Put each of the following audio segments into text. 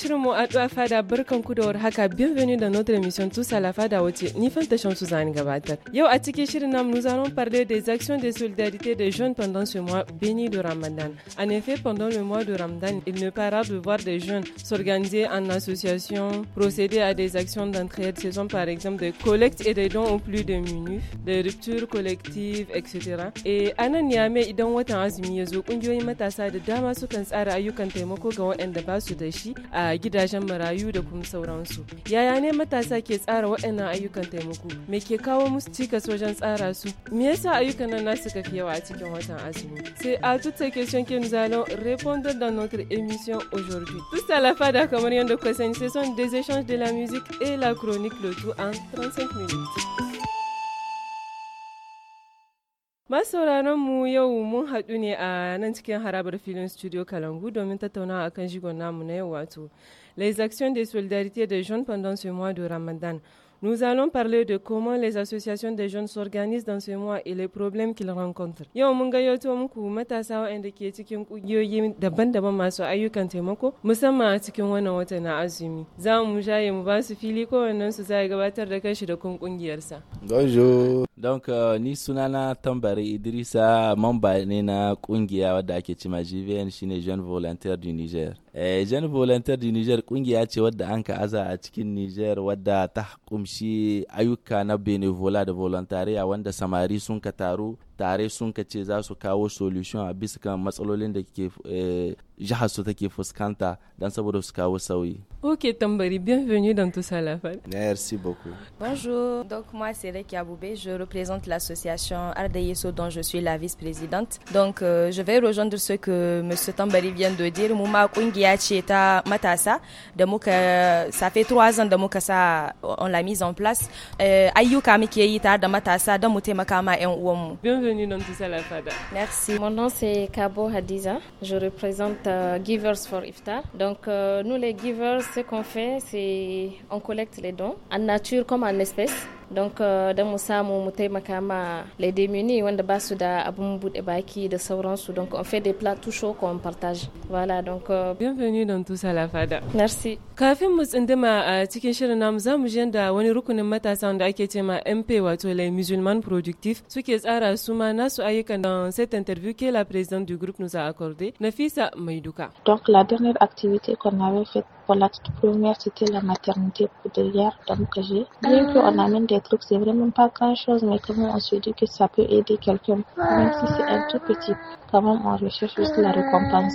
shirinmu a tsuwa fada barkan ku da war haka bienvenue dans notre émission tous à la fada wace ni fanta shamsu zani gabatar. Yau a cikin shirin namu nous allons parler des actions de solidarité des jeunes pendant ce mois béni de Ramadan. En effet, pendant le mois de Ramadan, il ne pas rare de voir des jeunes s'organiser en association, procéder à des actions d'entraide, ce sont par exemple des collectes et des dons aux plus démunis, des ruptures collectives, etc. Et ana nan idan watan azumi yazo kungiyoyin matasa da dama sukan tsara ayyukan taimako ga waɗanda ba su da shi a da gidajen marayu da kuma sauransu. Yaya ne matasa ke tsara waɗannan ayyukan taimako? Me ke kawo musu cikas wajen tsara su? Me yasa ayyukan nan nasu ka fi yawa a cikin watan azumi? C'est à toutes question questions que nous allons répondre dans notre émission aujourd'hui. tout à la fada kamar yadda kuka sani, ce sont des échanges de la musique et la chronique le tout en 35 minutes. masauraran mu yau mun haɗu ne a nan cikin harabar filin studio kalangu domin tattaunawa akan shigon namu na yau wato les actions de solidarité des jeunes pendant ce mois de ramadan Nous allons parler de comment les associations des jeunes s'organisent dans ce mois et les problèmes qu'ils rencontrent. Yau mun gayyato muku matasa waɗanda ke cikin ƙungiyoyi daban-daban masu ayyukan taimako musamman a cikin wannan wata na azumi. Za mu jaye mu ba su fili kowannensu su gabatar da kanshi da kun ƙungiyarsa. Bonjour, don euh, ni sunana tambari idrisa mamba ne na kungiya wadda ake cima gvn shine jean volunteer du niger eh, jean volunteer du niger kungiya ce wadda an ka aza a cikin niger wadda ta kumshi ayyuka na benevola da volontariya wanda samari sun ka taru tare sun ce za su kawo solution a matsalolin da eh, take fuskanta saboda su kawo sauyi. Ok Tambari, bienvenue dans tout ça Merci beaucoup. Bonjour, donc moi c'est Reki Aboubé, je représente l'association Ardeyeso dont je suis la vice-présidente. Donc euh, je vais rejoindre ce que M. Tambari vient de dire. Mouma Kungia Chieta Matasa, de ça fait trois ans que ça, on l'a mise en place. Euh, Ayuka Mikieta Matassa, Matasa, de Moutemakama et Bienvenue. Merci. Mon nom c'est Kabo Hadiza. Je représente euh, Givers for Iftar. Donc euh, nous les Givers, ce qu'on fait, c'est on collecte les dons en nature comme en espèces donc euh, don mu samu mu taimaka ma les démunis wanda ba su da abun bude baki da sauransu donc on fait des plats tout chaud qu'on partage voilà donc euh, bienvenue dans tout ça la fada merci kafin mu tsindima a euh, cikin shirin namu zamu ji yanda da wani rukunin matasa da ake MP wato les musulmans productifs suke tsara su ma nasu ayyukan dans cette interview que la présidente du groupe nous a accordé Nafisa Maiduka donc la dernière activité qu'on avait faite pour la toute première, c'était la maternité pour des Donc, j'ai bien qu'on amène ah. des trucs, c'est vraiment pas grand chose, mais quand même, on se dit que ça peut aider quelqu'un. Même si c'est un tout petit, quand même, on recherche juste la récompense.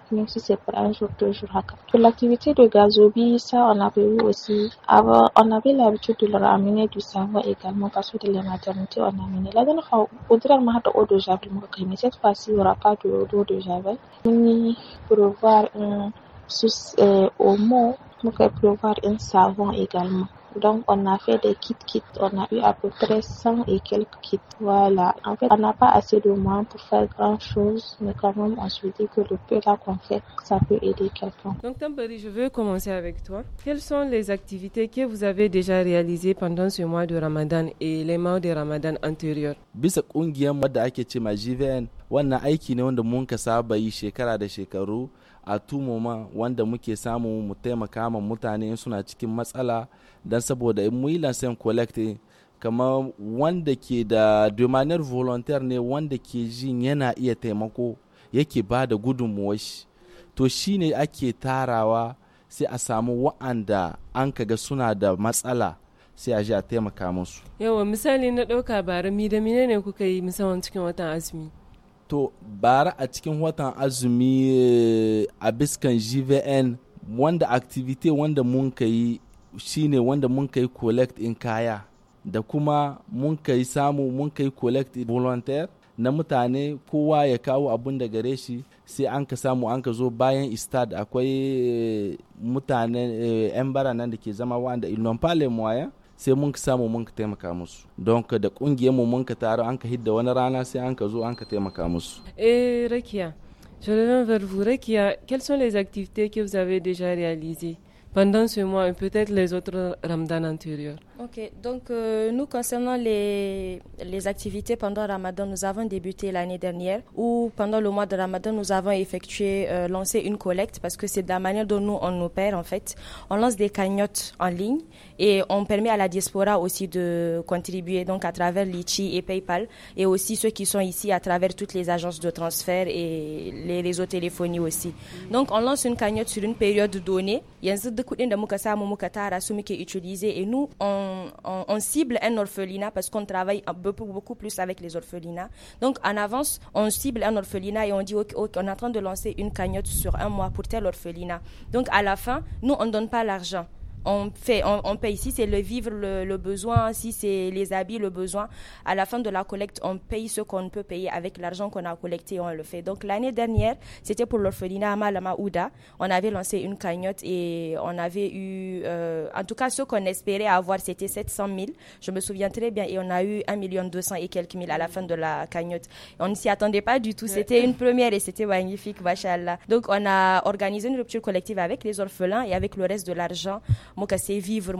même si c'est pas un jour, deux jours à Pour l'activité de Gazobi, ça, on avait eu aussi. Avant, on avait l'habitude de leur amener du savon également parce que les maternités maternité, on amenait. La dernière fois, au dernier de eau de javel, mais cette fois-ci, il n'y aura pas d'eau de javel. Ni voir un, euh, au mot, pour voir un savon également. Donc, on a fait des kits kits. On a eu à peu près 100 et quelques kits. Voilà. En fait, on n'a pas assez de moyens pour faire grand chose, mais quand même, on se dit que le peu qu'on fait, ça peut aider quelqu'un. Donc, Tambari, je veux commencer avec toi. Quelles sont les activités que vous avez déjà réalisées pendant ce mois de Ramadan et les mois de Ramadan antérieurs? wannan aiki ne wanda mun ka saba yi shekara da shekaru a tumoma wanda muke samu mu taimaka ma mutane suna cikin matsala don saboda in muyi lansan collecting kamar wanda ke da domanar volunteer ne wanda ke jin yana iya taimako yake ba da gudunmuwar shi to shine ake tarawa sai a samu wa'anda an kaga suna da matsala sai a ji a taimaka musu yawa misali na ɗauka bara mi da mine ne kuka yi musamman cikin watan azumi to bara a cikin watan azumi eh, a biskan gvn wanda activity wanda mun ka yi shine wanda mun ka yi collect in kaya da kuma mun ka yi samu mun ka yi collect volunteer na mutane kowa ya kawo abun da gare shi sai an ka samu an ka zo bayan istad akwai eh, mutane eh, 'yan bara nan da ke zama wanda ilon palemoya sai mun samu musu da je reviens vers vous rakiya quelles sont les activités que vous avez déjà réalisées pendant ce mois et peut-être les autres ramadan antérieurs Ok, donc euh, nous concernant les, les activités pendant Ramadan, nous avons débuté l'année dernière où pendant le mois de Ramadan, nous avons effectué, euh, lancé une collecte parce que c'est de la manière dont nous on opère en fait. On lance des cagnottes en ligne et on permet à la diaspora aussi de contribuer donc à travers Litchi et PayPal et aussi ceux qui sont ici à travers toutes les agences de transfert et les réseaux téléphoniques aussi. Donc on lance une cagnotte sur une période donnée. Il y a de et nous on on, cible un orphelinat parce qu'on travaille beaucoup, beaucoup plus avec les orphelinats. Donc, en avance, on cible un orphelinat et on dit, OK, on est en train de lancer une cagnotte sur un mois pour tel orphelinat. Donc, à la fin, nous, on ne donne pas l'argent on fait, on, paye. Si c'est le vivre, le, besoin, si c'est les habits, le besoin, à la fin de la collecte, on paye ce qu'on peut payer avec l'argent qu'on a collecté, on le fait. Donc l'année dernière, c'était pour l'orphelinat Amalama Ouda. On avait lancé une cagnotte et on avait eu, euh, en tout cas, ce qu'on espérait avoir, c'était 700 000. Je me souviens très bien et on a eu 1 million 200 et quelques mille à la fin de la cagnotte. On ne s'y attendait pas du tout. C'était une première et c'était magnifique, machallah. Donc on a organisé une rupture collective avec les orphelins et avec le reste de l'argent vivre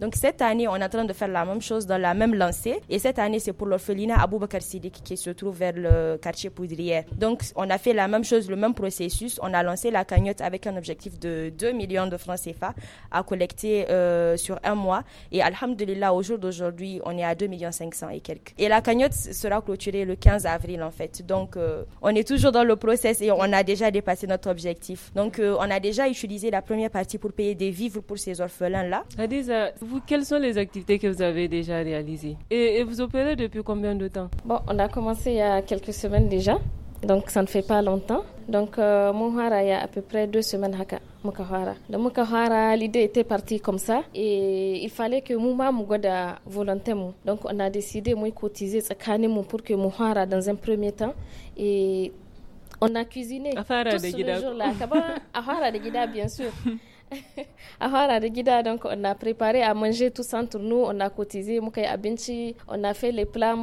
donc cette année on est en train de faire la même chose dans la même lancée et cette année c'est pour l'orphelinat Aboubakar Sidik qui se trouve vers le quartier Poudrière donc on a fait la même chose le même processus on a lancé la cagnotte avec un objectif de 2 millions de francs CFA à collecter euh, sur un mois et alhamdulillah au jour d'aujourd'hui on est à 2 millions 500 et quelques et la cagnotte sera clôturée le 15 avril en fait donc euh, on est toujours dans le process et on a déjà dépassé notre objectif donc euh, on a déjà utilisé la première partie pour payer des vivres pour ces orphelins-là. Adisa, euh, quelles sont les activités que vous avez déjà réalisées et, vous opérez depuis combien de temps Bon, on a commencé il y a quelques semaines déjà. donc ça ne fait pas longtemps donc euh, il y a à peu près deux semaines haka mukahara de l'idée était partie comme ça et il fallait que mouma mugoda volontairement donc on a décidé de cotiser tsakanin pour que Mohara dans un premier temps et on a cuisiné tous les jours là. Après, avoir la dégustation, bien sûr. Alors, fara donc on a préparé à manger tous entre nous on a cotisé on a fait les plats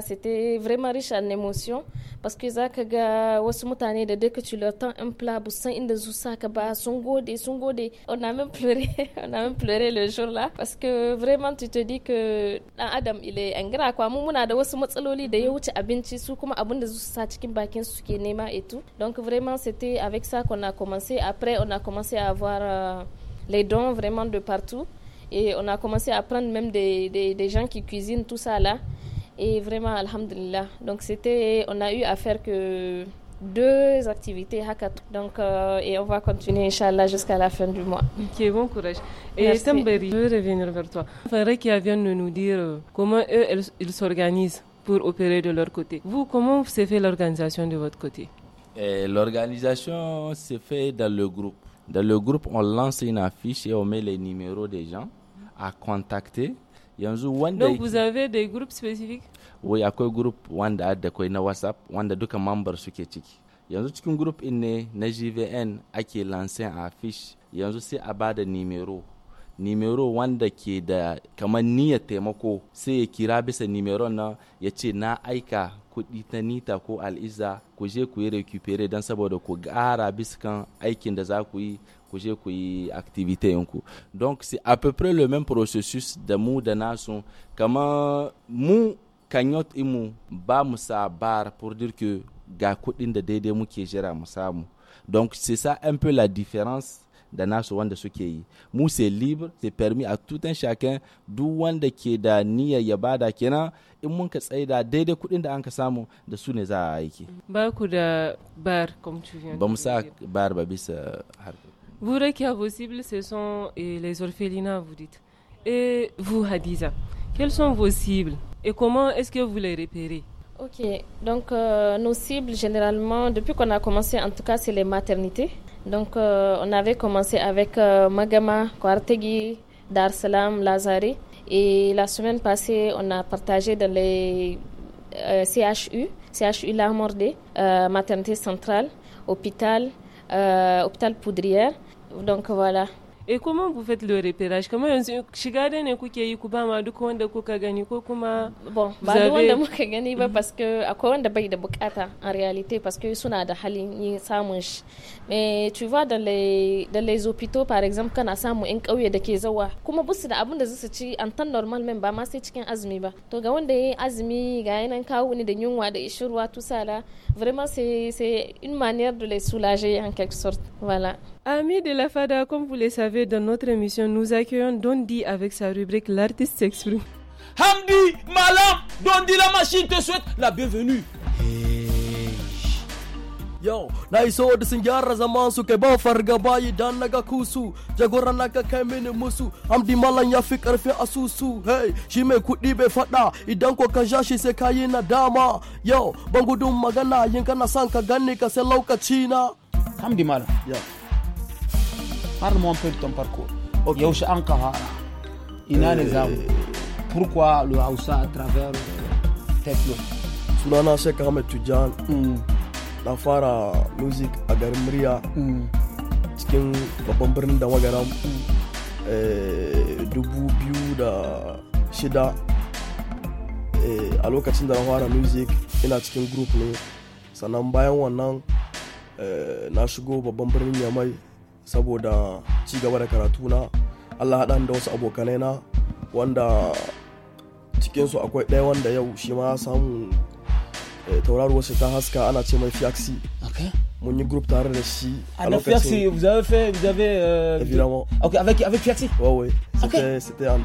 c'était vraiment riche en émotions parce que zaka ga wasu mutane da dès que tu leur tends un plat bu san inda zu saka ba sun gode sun on a même pleuré on a même pleuré le jour là parce que vraiment tu te dis que adam il est ingrat quoi mu muna da wasu matsaloli da ya wuce abinci su kuma et tout donc vraiment c'était avec ça qu'on a commencé après on a commencé à avoir euh, les dons vraiment de partout. Et on a commencé à prendre même des, des, gens qui cuisinent tout ça là. Et vraiment, alhamdulillah. Donc c'était, on a eu à faire que deux activités Donc, euh, et on va continuer, Inch'Allah, jusqu'à la fin du mois. Ok, bon courage. Et je veux revenir vers toi. Il faudrait qu'ils viennent nous dire euh, comment eux, ils s'organisent pour opérer de leur côté. Vous, comment s'est fait l'organisation de votre côté L'organisation s'est fait dans le groupe. Dans le groupe, on lance une affiche et on met les numéros des gens à contacter. Donc vous avez des groupes spécifiques? Oui, akwai group wanda da kwai na WhatsApp wanda duka groupe. suke ciki. Yanzu cikin group in ne groupe lancé ake affiche a yanzu sai a nimero wanda ke da kamar niyyar taimako sai ya kira bisa nimero nan ya ce na aika kuɗi ta nita ko al'iza ku je ku yi recupere don saboda ku gara biskan aikin da za ku yi ku je ku yi activité yanku donc c'est à peu près le même processus da mu da nasu mu kanyot imu ba mu sa bar pour dire que ga kuɗin da daidai muke jira mu samu donc c'est ça un peu la différence da nasu wanda suke yi mu libre c'est permis a tutan shakan duk wanda ke da niyyar ya bada kenan in mun ka tsaida daidai kudin da an ka samu da su ne za a aiki ba ku da bar comme tu viens ba mu sa bar ba bisa euh, harkar vous Rekia, vos cibles ce sont les orphelinats vous dites et vous Hadiza quelles sont vos cibles et comment est-ce que vous les repérez Ok, donc euh, nos cibles généralement, depuis qu'on a commencé, en tout cas, c'est les maternités. Donc euh, on avait commencé avec euh, Magama, Kwartegi, Dar Salam, Lazari. Et la semaine passée, on a partagé dans les CHU, CHU La maternité centrale, hôpital, hôpital Poudrière. Donc voilà, E kuma bu fait le repérage kamar yanzu shiga da ne kuke yi ku ba ma duk wanda kuka gani ko kuma bon ba duk wanda muka gani ba mm-hmm. parce que akwai wanda bai da bukata en réalité parce que suna da halin yin samun shi mais tu vois dans les dans les hôpitaux par exemple kana samu in kauye dake zawa kuma busu da abin da zasu ci an tan normal men ba ma sai cikin azumi ba to ga wanda yayin azumi ga yanan kawo ni da yunwa da ishirwa tusala vraiment c'est c'est une manière de les soulager en quelque sorte voilà Amis de la FADA, comme vous le savez, dans notre émission, nous accueillons Dondi avec sa rubrique L'artiste s'exprime. Hamdi, Malam, Dondi la machine te souhaite la bienvenue. Yo, na iso de singara gyara zaman far kai ba dan naga kusu jagora naga kai musu amdi malan ya fi asusu hey shi mai kuɗi fada faɗa idan ko ka sha shi sai dama Yo, nadama yau magana yinka kana son ka ganni hamdi malam har Montpellier farko yaushe an ka ina eh. ne za mu pourquoi le Hausa à travers Tekno sunana Sheikh Ahmed tujan hmm. na fara music a garin murya hmm. cikin babban birnin da wagaram hmm. eh, dubu biyu da shida eh, a lokacin da na fara music ina cikin group ne sannan bayan wannan na shigo babban birnin yamai saboda ci gaba da karatuna allah haɗa da wasu abokanai na wanda cikinsu akwai ɗaya wanda yau shi ma samu eh, tauraruwar shi ta haska ana ce mai fiaxi mon groupe tare da Ah, Fiaxi, vous avez fait, vous avez. Euh, évidemment. Ok, avec, avec Fiaxi Ouais, ouais. C'était en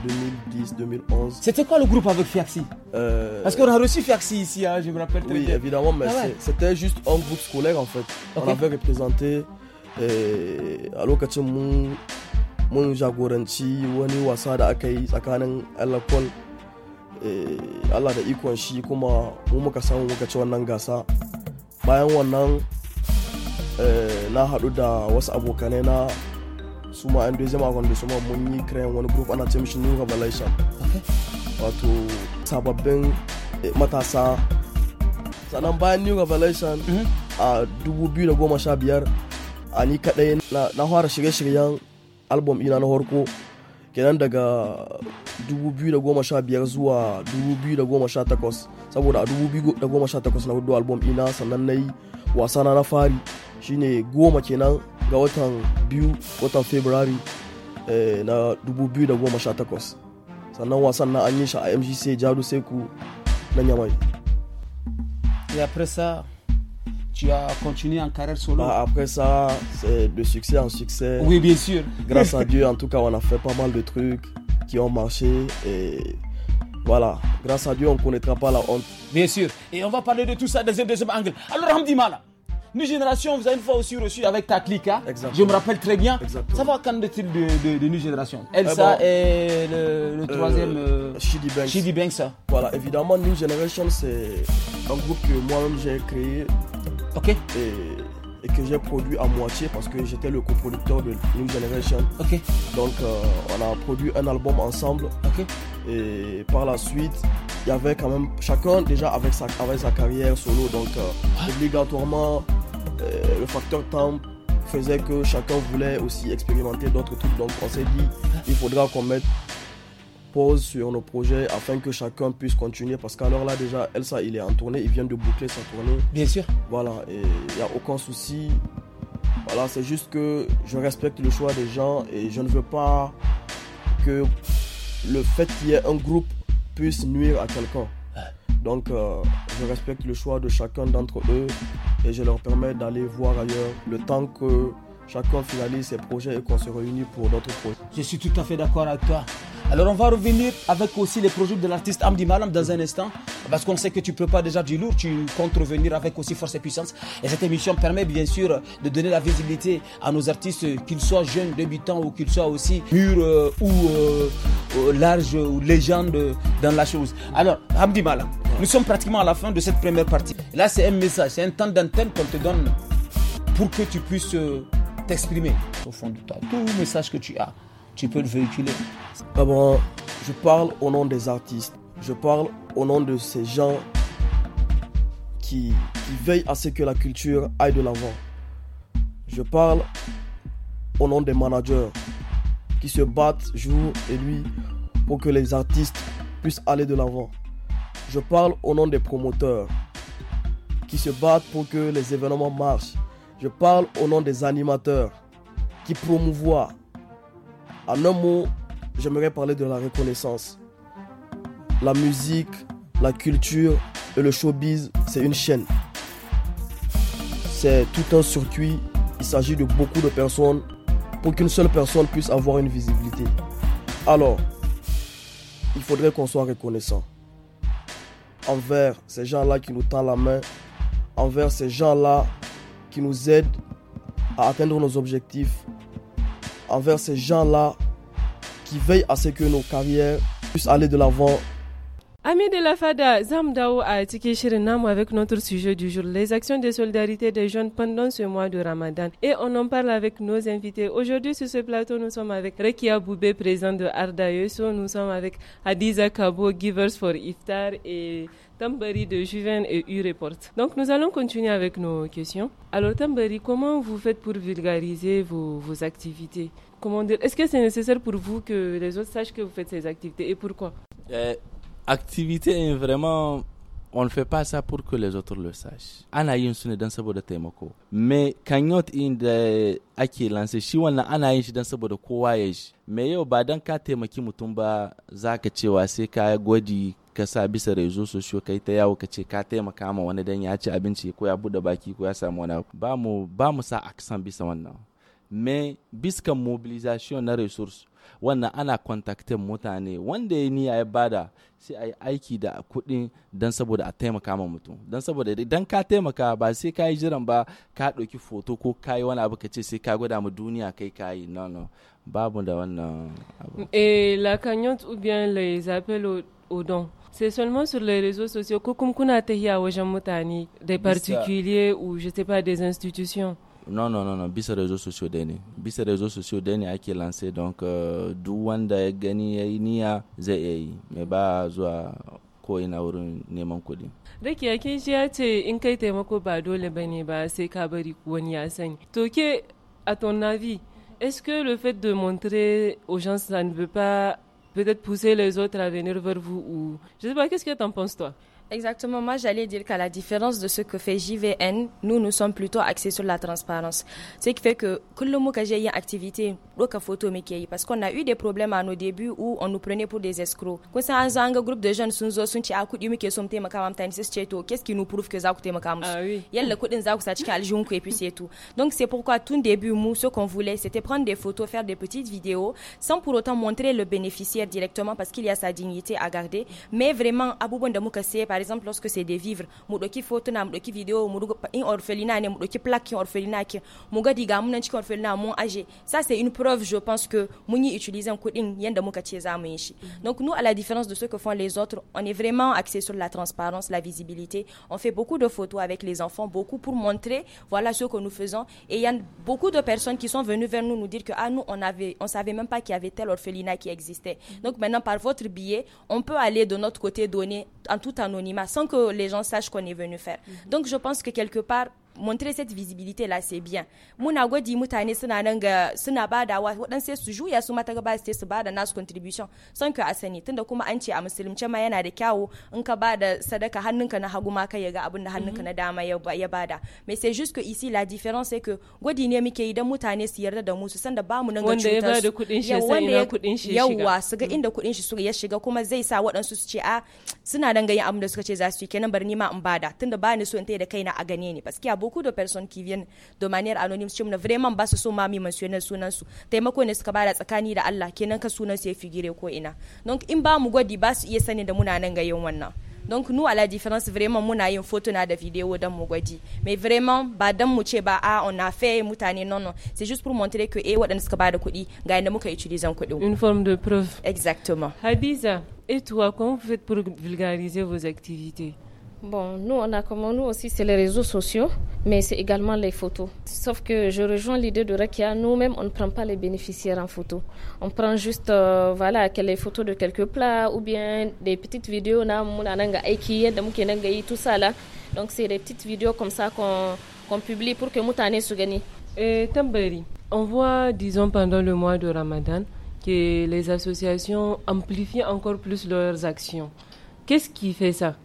2010, 2011. C'était quoi le groupe avec Fiaxi euh... Parce qu'on a reçu Fiaxi ici, hein, je me rappelle très oui, bien. Oui, évidemment, mais ah c'était juste un groupe scolaire en fait. On avait représenté Eh, a lokacin mun jagoranci wani wasa da aka yi tsakanin alakon eh, allah da ikon shi kuma mu muka samu muka wannan gasa bayan wannan eh, na haɗu da wasu abokanai na su ma an dozi wanda da su ma mun yi kiran wani group ana ce new revelation wato sababbin matasa sannan bayan new revelation mm-hmm. a 2015 a ni kadai na fara shirye-shiryen album ina na harko kenan daga 2015 zuwa 2018 saboda a 2018 na hudu album ina sannan na yi wasana na fari shine goma kenan ga watan biyu watan february eh, na 2018 sannan wasan na an yi shi a mgc jadu seku na yamai ya yeah, tu as continué en carrière solo bah, Après ça, c'est de succès en succès. Oui, bien sûr. Grâce à Dieu, en tout cas, on a fait pas mal de trucs qui ont marché et voilà, grâce à Dieu, on ne connaîtra pas la honte. Bien sûr. Et on va parler de tout ça dans un deuxième angle. Alors, Hamdi Mala, New Génération, vous avez une fois aussi reçu avec ta hein. Exactement. Je me rappelle très bien. Exactement. Ça va quand est de, de, de New Génération eh Elsa et le, euh, troisième. Euh, Shidi Banks. Shidi Banks. Hein. Voilà, évidemment, New Generation, c'est un groupe que moi-même j'ai créé et, que j'ai produit à moitié parce que j'étais le coproducteur de New Generation. Donc euh, on a produit un album ensemble. Et par la suite, il y avait quand même chacun déjà avec sa, carrière solo. Donc euh, obligatoirement, euh, le facteur temps faisait que chacun voulait aussi expérimenter d'autres trucs. Donc on s'est dit, il faudra qu'on mette pause sur nos projets afin que chacun puisse continuer. Parce qu'alors là, déjà, Elsa, il est en tournée, il vient de boucler sa tournée. Bien sûr. Voilà, et il n'y a aucun souci. Voilà, c'est juste que je respecte le choix des gens et je ne veux pas que le fait qu'il y ait un groupe puisse nuire à quelqu'un. Donc, euh, je respecte le choix de chacun d'entre eux et je leur permets d'aller voir ailleurs le temps que chacun finalise ses projets et qu'on se réunit pour d'autres projets. Je suis tout à fait d'accord avec toi. Alors on va revenir avec aussi les projets de l'artiste Amdi Malam dans un instant, parce qu'on sait que tu peux pas déjà du lourd, tu comptes revenir avec aussi force et puissance. Et cette émission permet bien sûr de donner la visibilité à nos artistes, qu'ils soient jeunes, débutants ou qu'ils soient aussi mûrs euh, ou large euh, euh, larges ou légendes dans la chose. Alors Amdi Malam, nous sommes pratiquement à la fin de cette première partie. Là c'est un message, c'est un temps d'antenne qu'on te donne pour que tu puisses t'exprimer au fond de toi. Tout message que tu as tu peux le véhiculer. je parle au nom des artistes, je parle au nom de ces gens qui, qui veillent à ce que la culture aille de l'avant. Je parle au nom des managers qui se battent jour et nuit pour que les artistes puissent aller de l'avant. Je parle au nom des promoteurs qui se battent pour que les événements marchent. Je parle au nom des animateurs qui promouvoient en un mot, j'aimerais parler de la reconnaissance. La musique, la culture et le showbiz, c'est une chaîne. C'est tout un circuit. Il s'agit de beaucoup de personnes pour qu'une seule personne puisse avoir une visibilité. Alors, il faudrait qu'on soit reconnaissant envers ces gens-là qui nous tendent la main, envers ces gens-là qui nous aident à atteindre nos objectifs, envers ces gens-là qui veillent à ce que nos carrières puissent aller de l'avant Amis de la FADA, Zamdaou a chez avec notre sujet du jour, les actions de solidarité des jeunes pendant ce mois de Ramadan. Et on en parle avec nos invités. Aujourd'hui, sur ce plateau, nous sommes avec Rekia Boubé, président de Arda Nous sommes avec Hadiza Kabo, Givers for Iftar et Tambari de Juven et U-Report. Donc, nous allons continuer avec nos questions. Alors, Tambari, comment vous faites pour vulgariser vos, activités Comment dire Est-ce que c'est nécessaire pour vous que les autres sachent que vous faites ces activités et pourquoi euh, activité est vraiment on ne fait pas ça pour que les autres le sachent ana yin su ne don saboda taimako me kanyot in da ake lance shi wannan ana yin shi dan saboda kowa ya shi me yau ba dan ka taimaki mutum ba za ka cewa sai ka gwadi ka sa bisa rezo sosio kai ta yawo ka ce ka taimaka ma wani dan ya ci abinci ko ya bude baki ko ya samu wani ba mu ba mu sa aksan bisa wannan me biskan mobilisation na resource wannan ana kontaktin mutane wanda ya niya ya bada sai a yi aiki da kuɗi don saboda a taimaka ma mutum don saboda idan ka taimaka ba sai ka yi jiran ba ka ɗauki foto ko ka yi wani abu ka ce sai ka gwada mu duniya kai ka yi no no babu da wannan abu eh la cagnotte ou bien les appels au, au don c'est seulement sur les réseaux sociaux ko kuma kuna tahiya wajen mutane des particuliers ou je sais pas des institutions non, non, non, non. Bisa réseaux sociaux deni. Bisa réseaux sociaux deni a qui lancé donc euh, duk gani ya yi niyya zai iya Me ba zuwa ko ina wurin neman kuɗi. Rakiya shi ya ce in kai taimako ba dole bane ba sai ka bari ya sani. To ke à ton avis, est-ce que le fait de montrer aux gens ça ne veut pas peut-être pousser les autres à venir vers vous ou je sais pas qu'est-ce que tu en penses toi Exactement, moi j'allais dire qu'à la différence de ce que fait JVN, nous nous sommes plutôt axés sur la transparence. Ce qui fait que tout le monde qui a une activité, photo parce qu'on a eu des problèmes à nos débuts où on nous prenait pour des escrocs. Quand ça a un groupe de jeunes sunzo sun ci akudi muke som te makam tan c'est ceto, qu'est-ce qui nous prouve que za ku te makam le Yalla kudin za ku ça cikin aljihun ku et puis c'est tout. Donc c'est pourquoi tout début nous ce qu'on voulait c'était prendre des photos, faire des petites vidéos sans pour autant montrer le bénéficiaire directement parce qu'il y a sa dignité à garder, mais vraiment abubon de muka par exemple lorsque c'est des vivres photo na vidéo mudo orphelinat ne plaque orphelinat diga orphelinat ça c'est une preuve je pense que un muka donc nous à la différence de ce que font les autres on est vraiment axé sur la transparence la visibilité on fait beaucoup de photos avec les enfants beaucoup pour montrer voilà ce que nous faisons et il y a beaucoup de personnes qui sont venues vers nous nous dire que ah nous on avait on savait même pas qu'il y avait tel orphelinat qui existait donc maintenant par votre billet on peut aller de notre côté donner en tout anonymat sans que les gens sachent qu'on est venu faire. Mhm. Donc je pense que quelque part, montrer cette visibilité là c'est bien muna gwaji mutane suna nan ga suna wa waɗansu sai su juya su mata gaba sai su bada nasu contribution son ka a tunda kuma an ce a musulunce ma yana da kyawu in ka bada sadaka hannunka na hagu ma kai ga abin da hannunka na dama ya bada mais c'est juste que ici la différence c'est que gwaji ne muke yi mutane su yarda da mu su san da mu nan ga cutar wanda ya bada kuɗin shi sai ina kudin shi shiga yawa su ga inda kudin shi su ya shiga kuma zai sa waɗansu su ce a ah, suna dan ga yin abin da suka ce za su yi kenan bari ni ma in bada tunda ba ni so in tayi da kaina a gane ni gaskiya beaucoup de personnes qui viennent de manière anonyme su na vraiment ba su so ma mi mentionner sunan su taimako ne suka bada tsakani da Allah kenan ka sunan su ya figire ko ina donc in ba mu gwadi ba su iya sani da muna nan ga yin wannan donc nous à la différence vraiment muna une photo na da vidéo dan mu gwadi mais vraiment ba dan mu ce ba a ah, on a fait mutani non non c'est juste pour montrer que eh Wadan suka bada kuɗi ga yanda muka utiliser kuɗin une forme de preuve exactement Hadiza et toi comment vous faites pour vulgariser vos activités Bon, nous, on a comme nous aussi, c'est les réseaux sociaux, mais c'est également les photos. Sauf que je rejoins l'idée de Rekia, nous-mêmes, on ne prend pas les bénéficiaires en photo. On prend juste, euh, voilà, voilà, les photos de quelques plats ou bien des petites vidéos, tout ça Donc, c'est des petites vidéos comme ça qu'on publie pour que Moutane se gagne. Et Tambéry, on voit, disons, pendant le mois de Ramadan, que les associations amplifient encore plus leurs actions. Qu'est-ce qui fait ça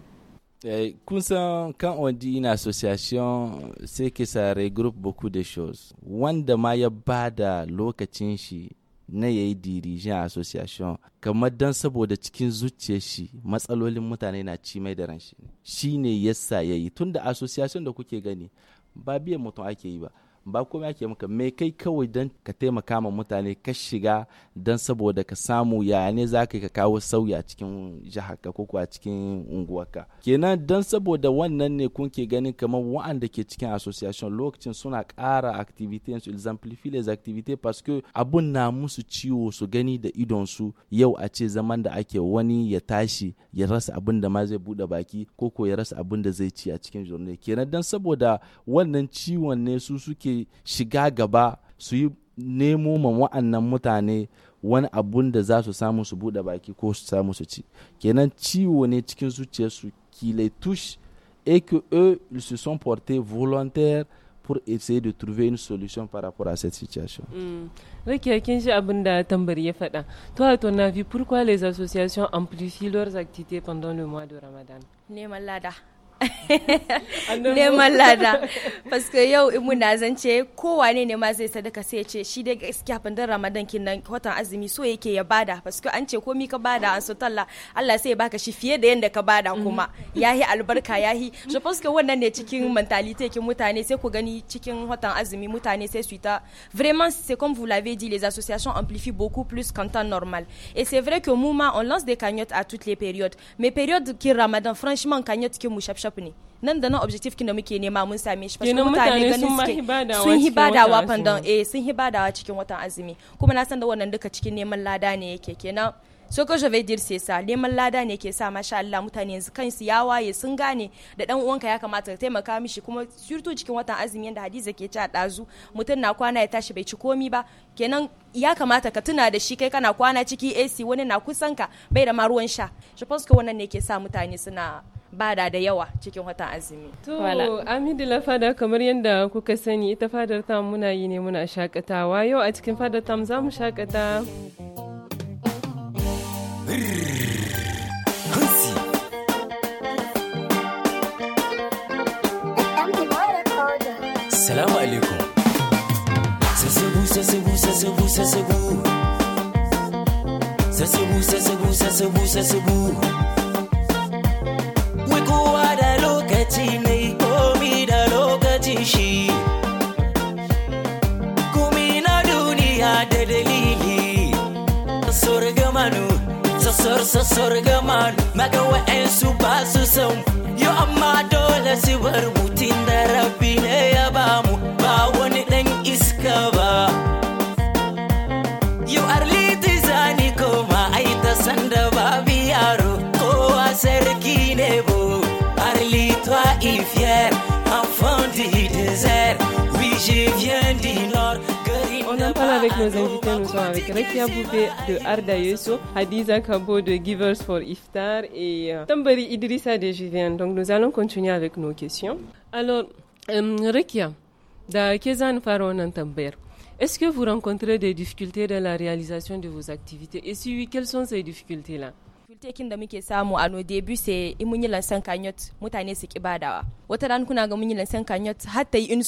Eh, Kunsan, quand on dit une association, c'est que ça regroupe beaucoup de choses. Wanda ma ya bada lokacin shi na yayi dirijan association, kamar dan saboda cikin zuciyar shi matsalolin mutane na ci mai da ran shi. Shi ne yasa yayi tunda association da kuke gani ba biyan mutum ake yi ba. ba komai ake maka me kai kawai don ka taimaka ma mutane ka shiga don saboda ka samu yaya ne za ka kawo sauyi a cikin jiharka ko a cikin unguwarka kenan don saboda wannan ne kun ke ganin kamar wa'anda ke cikin association lokacin suna ƙara activity su exemplify les activity parce que abun na musu ciwo su gani da idon su yau a ce zaman da ake wani ya tashi ya rasa abun da ma zai bude baki ko ko ya rasa abun da zai ci a cikin journal kenan don saboda wannan ciwon ne su suke su shiga gaba su yi nemo ma wa'annan mutane wani abun da za su samu su buɗe baki ko su samu su ci kenan ciwo ne qui les touche et que eux ils se sont portés volontaires pour essayer de trouver une solution par rapport à cette situation. Hmm. Rekia, kin shi abin To ton avis, pourquoi les associations amplifient leurs activités pendant le mois de Ramadan? lada neman lada paske yau in muna zance kowane ne ma zai sadaka sai ce shi dai gaskiya fandan ramadan kinnan watan azumi so yake ya bada que an ce komi ka bada an so talla Allah sai ya baka shi fiye da yanda ka bada mhm. kuma yahi albarka yahi je paske wannan ne cikin mentality kin mutane sai ku gani cikin watan azumi mutane sai su ta vraiment c'est comme vous l'avez dit les associations amplifient beaucoup plus qu'en temps normal et c'est vrai que Mouma on lance des cagnottes à toutes les périodes mais période qui ramadan franchement cagnotte qui mouchapcha shop ne nan da nan objective kina muke nema mun same shi fashin mutane ganin suke sun badawa pandan eh sun badawa cikin watan azumi kuma na san da wannan duka cikin neman lada ne yake kenan so ko je vais dire c'est ça neman lada ne yake sa masha Allah mutane yanzu kansu ya waye sun gane da dan uwanka ya kamata ka taimaka mishi kuma surtout cikin watan azumi yanda Hadiza ke ci a dazu mutum na kwana ya tashi bai ci komi ba kenan ya kamata ka tuna da shi kai kana kwana ciki AC wani na kusanka bai da ma ruwan sha je pense wannan ne yake sa mutane suna bada da yawa cikin watan azumi. To, Amidu la fada kamar yadda kuka sani ita fadar ta muna yi ne muna shakatawa yau a cikin fadar ta za mu shakata. Salamu alaikum. Sasebu, sasebu, sasebu, sasebu. Sasebu, sasebu, sasebu, sasebu. lokaci na yi komi da lokaci shi kumi na duniya da dalili sassor gamanu sassor sassor gamanu maga wa'yansu ba yo amma dole su ya bamu ba wani dan On en parle avec nos invités, nous sommes avec Rekia Boubé de Arda Yeso, Hadiza Kabo de Givers for Iftar et euh, Tambari Idrissa de Juvien. Donc nous allons continuer avec nos questions. Alors, euh, Rekia, da Kezan Faron Tamber, est-ce que vous rencontrez des difficultés dans la réalisation de vos activités Et si oui, quelles sont ces difficultés-là Difficulté da muke samu a no debut sai in mun yi lansan kanyot mutane su ki badawa wata ran kuna ga mun yi lansan kanyot har ta yi in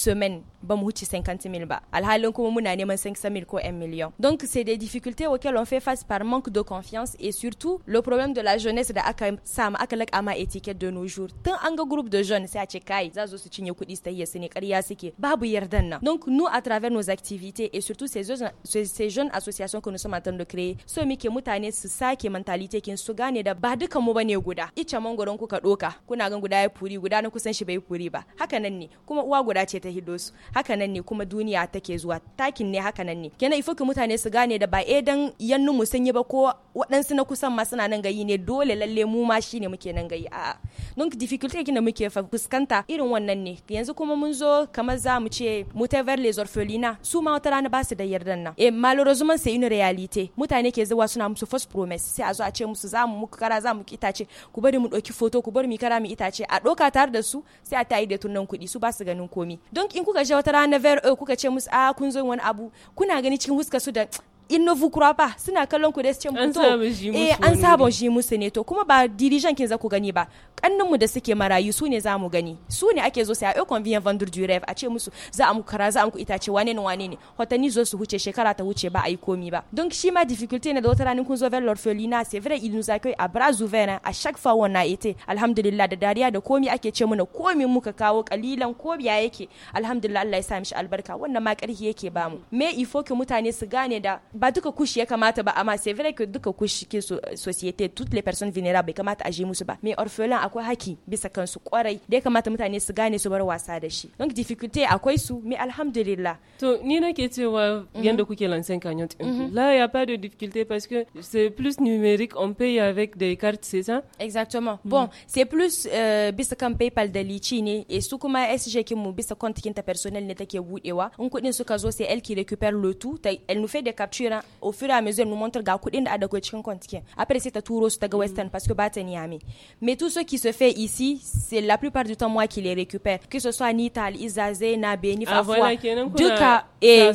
ba mu huce 50 000 ba alhalin kuma muna neman 500 000 ko 1 million donc c'est des difficultés auxquelles on fait face par manque de confiance et surtout le problème de la jeunesse da aka sa ma aka ma de nos jours tun an ga groupe de jeunes sai a ce kai za zo su cinye kuɗi su ne ƙarya suke babu yardan nan donc nous à travers nos activités et surtout ces jeunes ces, jeunes associations que nous sommes en train de créer so muke mutane su sake mentalité kin su gane da ba dukan mu bane guda ice mangoron kuka doka kuna gan guda ya furi guda na kusan shi bai furi ba haka nan ne kuma uwa guda ce ta hido hakanan ne kuma duniya take zuwa takin ne hakanan ne kenan ifo mutane su gane da ba edan eh yannu mu sun yi ba ko waɗansu na kusan ma suna nan gayi ne dole lalle mu ma shine muke nan gayi a'a donc difficulty kin da muke fuskanta irin wannan ne yanzu kuma mun zo kamar za mu ce mutaver les orphelina su ma wata rana ba su da yardan nan eh malheureusement c'est une réalité mutane ke zuwa suna musu first promise sai a zo a ce musu za mu muku kara za mu itace ku bari mu ɗauki foto ku bari mu kara mu itace a ɗauka tare da su sai a tayi da tunan kuɗi su ba su ganin komi donc in kuka je wata rana ver eh, kuka ce musu a ah, kun zo wani abu kuna gani cikin huskar su da ils ne vous croit pas suna kallon ku da su ce mutu eh an sabon shi musu ne to kuma ba dirijan kin za ku gani ba kannanmu da suke marayu su ne za gani su ne ake zo sai a bah, ikon viyan vendre du a ce musu za a muku kara za a muku itace wane ne wane ne watanni zo huce shekara ta huce ba a komi ba donc shi ma difficulté ne da wata ranar kun zo vers l'orphelinat c'est vrai ils nous accueillent à bras ouverts hein. à chaque fois on a été alhamdulillah da dariya da komi ake ce mana komi muka kawo kalilan ko biya yake alhamdulillah Allah ya sa mishi albarka wannan ma karhi yake bamu me il faut que mutane su gane da ba duka kushi ya kamata ba amma c'est vrai que duka kushi ke société toutes les personnes vulnérables ya kamata a je ba mais orphelin akwai haki bisa kansu kwarai da ya kamata mutane su gane su bar wasa da shi donc difficulté akwai su mais alhamdulillah to ni nake cewa yanda kuke lansan kanyon là il y a pas de difficulté parce que c'est plus numérique on paye avec des cartes c'est ça exactement mhm. bon c'est plus euh, bisa kan PayPal da lici et sous su kuma SG kin mu bisa compte kinta personnel ne take budewa in kudin suka zo c'est elle qui récupère le tout elle nous fait des captures jira au fur et à mesure nous montre ga kudin da adago cikin compte après c'est ta turo su ta western parce que ba ta niami mais tout ce qui se fait ici c'est la plupart du temps moi qui les récupère que ce soit Nital Izaze na ni ah, Fafwa duka eh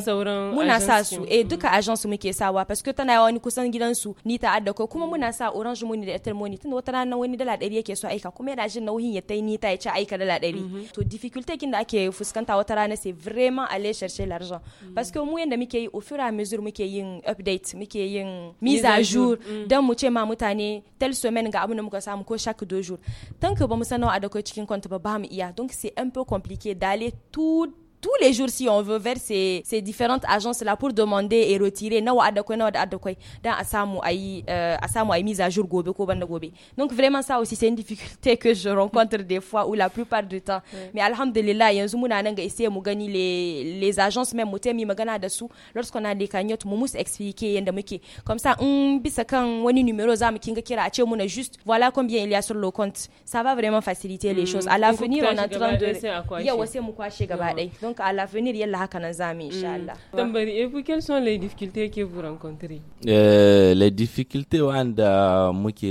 muna sa su eh duka agence muke mm. sawa parce que tana wani kusan gidan su ni ta adako kuma muna sa orange money da airtel money tunda wata rana wani dala 100 yake so aika kuma yana jin nauyin ya tai ni ta ya ci aika dala 100 to difficulté kin da ake fuskanta wata rana c'est vraiment aller chercher l'argent mm. parce que mu yanda muke yi au fur et à mesure muke yi yin update muke yin mise à jour mm. don mu ce ma mutane tel semaine ga abin da muka samu ko chaque deux jours tant que ba mu san nawa da cikin kwanta ba ba mu iya donc c'est un peu compliqué d'aller tout tous les jours si on veut vers ces, différentes agences là pour demander et retirer nawa nawa euh, mise à jour gobe gobe donc vraiment ça aussi c'est une difficulté que je rencontre des fois ou la plupart du temps oui. mais alhamdulillah yanzu muna nanga essayer mu gani les les agences même motemi me magana da su lorsqu'on a des cagnottes je expliquer yanda muke comme ça un hum, bisa kan wani numéro za mu kinga kira a ce muna juste voilà combien il y a sur le compte ça va vraiment faciliter les hum, choses à l'avenir on est en train de donc à l'avenir, il y a la à Inch'Allah. Tambari, et vous, quelles sont les difficultés que vous rencontrez euh, Les difficultés, Wanda, moi qui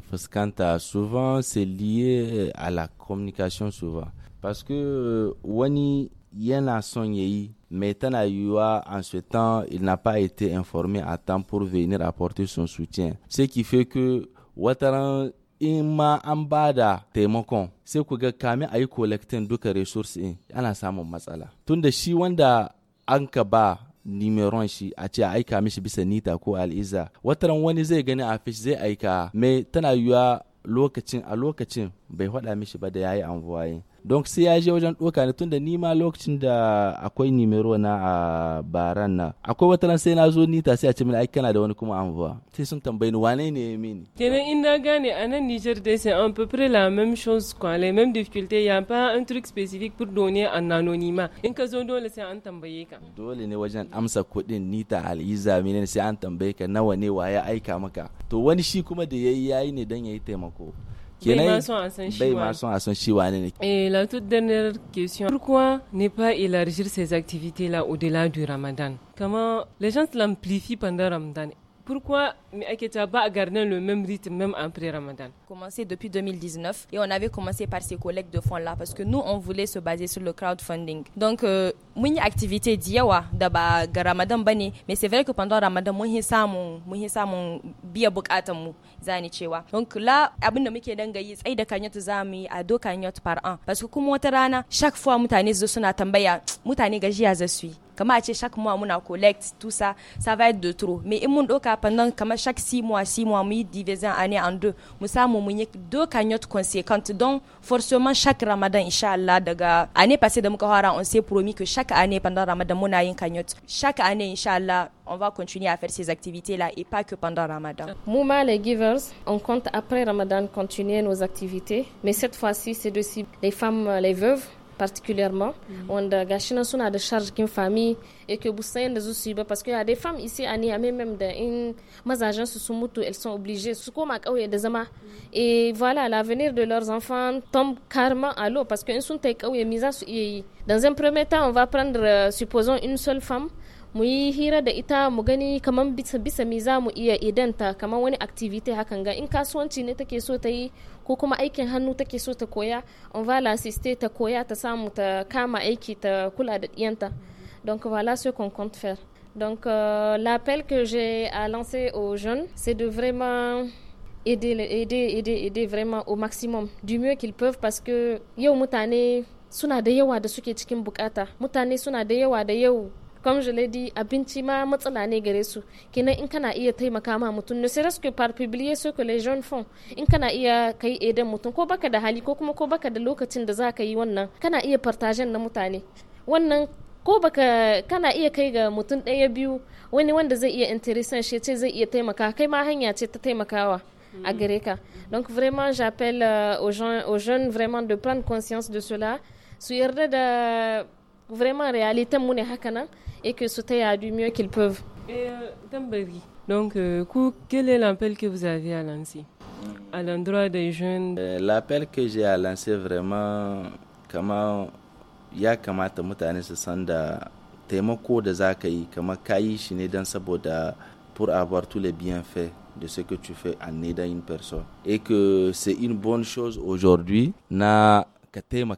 euh, souvent, c'est lié euh, à la communication souvent. Parce que Wani, Yana Sonyei, mais Tana Yua, en ce temps, il n'a pas été informé à temps pour venir apporter son soutien. Ce qui fait que Wataran in ma an ba da taimakon sai ku ga kami a yi kolektin duka resource in ana samun matsala tunda shi wanda an ka ba nimeron shi a ce a aika mishi bisa nita ko al'iza wataran wani zai gani a fish zai aika mai tana yiwuwa lokacin a lokacin bai hada mishi ba da yayi anvoyin don sai ya je wajen ɗoka ne tunda ni ma lokacin da akwai nimero na a baran na akwai wata ran sai na zo ni ta sai a ce mini ai kana da wani kuma anvuwa sai sun tambayi ni wane ne ya mini kenan in na gane a nan Niger dai c'est un peu près la même chose quoi les mêmes difficultés y a pas un truc spécifique pour donner en anonymat in ka zo dole sai an tambaye ka dole ne wajen amsa kuɗin ni ta aliza mini sai an tambaye ka nawa ne wa aika maka to wani shi kuma da yayi yayi ne dan yayi taimako Hein. Et la toute dernière question, pourquoi ne pas élargir ces activités-là au-delà du ramadan Comment les gens l'amplifient pendant ramadan pourquoi Aketa pas gardé le même rythme même après Ramadan Commencé depuis 2019 et on avait commencé par ces collègues de fonds là parce que nous on voulait se baser sur le crowdfunding. Donc une euh, activité d'Iawa, da ba Ramadan mais c'est vrai que pendant Ramadan mun samu mun biya zani cewa. Donc là abin da muke danga tsai da kanyatu zamu yi a do cagnottes par an parce que kuma wata rana chaque fois mutane zo suna tambaya mutane gajiya za su Comment chaque mois, on collecte, tout ça, ça va être de trop. Mais il y pendant comme chaque 6 mois, 6 mois, on divise année en deux. Nous avons deux cagnottes conséquentes. Donc, forcément, chaque ramadan, Inch'Allah, daga, année passée de on s'est promis que chaque année, pendant ramadan, on a une cagnotte. Chaque année, Inch'Allah, on va continuer à faire ces activités-là et pas que pendant Ramadan. Mouma, les givers, on compte après Ramadan continuer nos activités, mais cette fois-ci, c'est aussi les femmes, les veuves, particulièrement mm-hmm. On a gâché suna da qu'une fami yake que da savez yi ba parce femmes ici des femmes ici a niyame mem da in su mutu elles sont obligées qu'on a kauye da zama mm-hmm. et voilà l'avenir de leurs enfants tombe carrément à l'eau parce qu'ils sont mis à kauye dans un premier temps on va prendre euh, supposons une seule femme mu yi hira da ita mu gani kaman bisa bisa me za mu iya ta kaman wani activity hakan ga in kasuwanci ne take so ta yi ko kuma aikin hannu take so ta koya on va l'assister ta koya ta samu ta kama aiki ta kula da diyanta donc voilà ce qu'on compte faire donc euh, l'appel que j'ai à lancer aux jeunes c'est de vraiment aider aider aider aider vraiment au maximum du mieux qu'ils peuvent parce que yau mutane suna da yawa da suke cikin bukata mutane suna da yawa da yau comme je l'ai dit abinci ma matsala ne gare su kenan in kana iya taimaka ma mutum ne sai que par publier ce que les jeunes font in kana iya kai edan mutum ko baka da hali ko kuma ko baka da lokacin da za ka yi wannan kana iya partagen na mutane wannan ko baka kana iya kai ga mutum ɗaya biyu wani wanda zai iya interesan shi ce zai iya taimaka kai ma hanya ce ta taimakawa à mm. Greca. Donc vraiment, j'appelle euh, aux, gens, aux jeunes vraiment de prendre conscience de cela. Su yarda da vraiment réalité mon hakana et que a du mieux qu'ils peuvent. Et euh, donc euh, quel est l'appel que vous avez à lancer à l'endroit des jeunes euh, L'appel que j'ai à lancer vraiment comment ya kamata mutane su san taimako da za ka yi shi ne don saboda pour avoir tous les bienfaits de ce que tu fais en aidant une personne et que c'est une bonne chose aujourd'hui na c'est un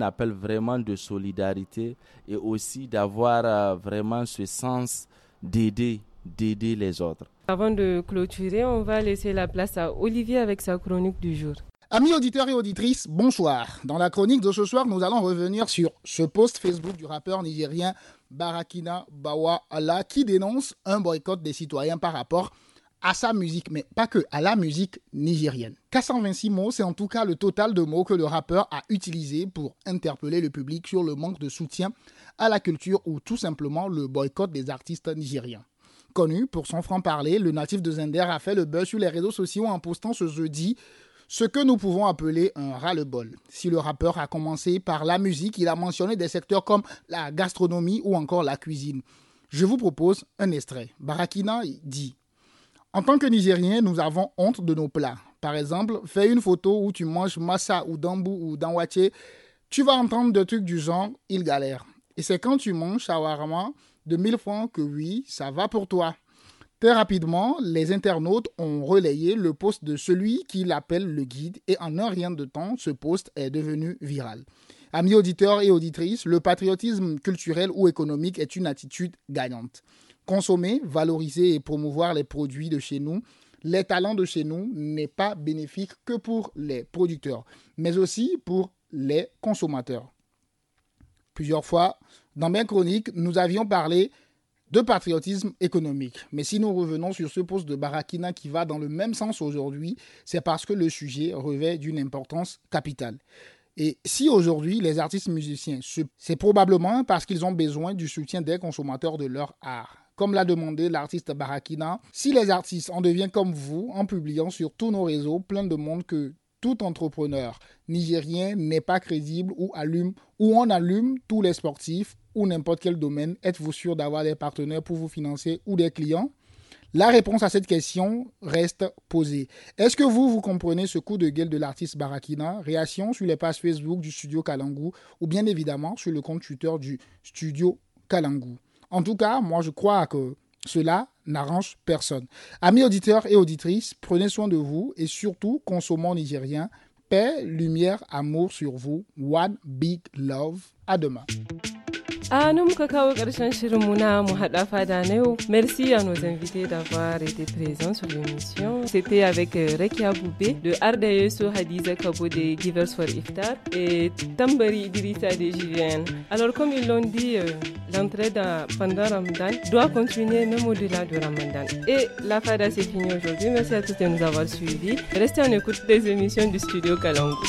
appel vraiment de solidarité et aussi d'avoir euh, vraiment ce sens d'aider d'aider les autres. Avant de clôturer, on va laisser la place à Olivier avec sa chronique du jour. Amis auditeurs et auditrices, bonsoir. Dans la chronique de ce soir, nous allons revenir sur ce post Facebook du rappeur nigérien Barakina Bawa Allah qui dénonce un boycott des citoyens par rapport à sa musique, mais pas que, à la musique nigérienne. 426 mots, c'est en tout cas le total de mots que le rappeur a utilisé pour interpeller le public sur le manque de soutien à la culture ou tout simplement le boycott des artistes nigériens. Connu pour son franc-parler, le natif de Zender a fait le buzz sur les réseaux sociaux en postant ce jeudi ce que nous pouvons appeler un ras-le-bol. Si le rappeur a commencé par la musique, il a mentionné des secteurs comme la gastronomie ou encore la cuisine. Je vous propose un extrait. Barakina dit En tant que Nigérien, nous avons honte de nos plats. Par exemple, fais une photo où tu manges massa ou dambu ou danwaché, tu vas entendre des trucs du genre il galère. Et c'est quand tu manges shawarma de mille francs que oui, ça va pour toi. Très rapidement, les internautes ont relayé le poste de celui qu'ils appellent le guide et en un rien de temps, ce poste est devenu viral. Amis auditeurs et auditrices, le patriotisme culturel ou économique est une attitude gagnante. Consommer, valoriser et promouvoir les produits de chez nous, les talents de chez nous n'est pas bénéfique que pour les producteurs, mais aussi pour les consommateurs. Plusieurs fois, dans mes chroniques, nous avions parlé de patriotisme économique. Mais si nous revenons sur ce poste de Barakina qui va dans le même sens aujourd'hui, c'est parce que le sujet revêt d'une importance capitale. Et si aujourd'hui les artistes musiciens, c'est probablement parce qu'ils ont besoin du soutien des consommateurs de leur art. Comme l'a demandé l'artiste Barakina, si les artistes en deviennent comme vous en publiant sur tous nos réseaux plein de monde que tout entrepreneur nigérien n'est pas crédible ou allume ou on allume tous les sportifs ou n'importe quel domaine, êtes-vous sûr d'avoir des partenaires pour vous financer ou des clients La réponse à cette question reste posée. Est-ce que vous, vous comprenez ce coup de gueule de l'artiste Barakina Réaction sur les pages Facebook du studio Kalangu ou bien évidemment sur le compte Twitter du studio Kalangu. En tout cas, moi je crois que cela n'arrange personne. Amis auditeurs et auditrices, prenez soin de vous et surtout consommons nigérien. Paix, lumière, amour sur vous. One big love. À demain kawo shirinmu Merci à nos invités d'avoir été présents sur l'émission. C'était avec euh, Rekia Boubé de Arda Yeso Hadiza Kabo de Givers for Iftar et Tambari Idrissa de JVN. Alors comme ils l'ont dit, euh, l'entrée pendant Ramadan doit continuer même au-delà de Ramadan. Et la fada c'est fini aujourd'hui. Merci à tous de nous avoir suivis. Restez en écoute des émissions du studio Kalangu.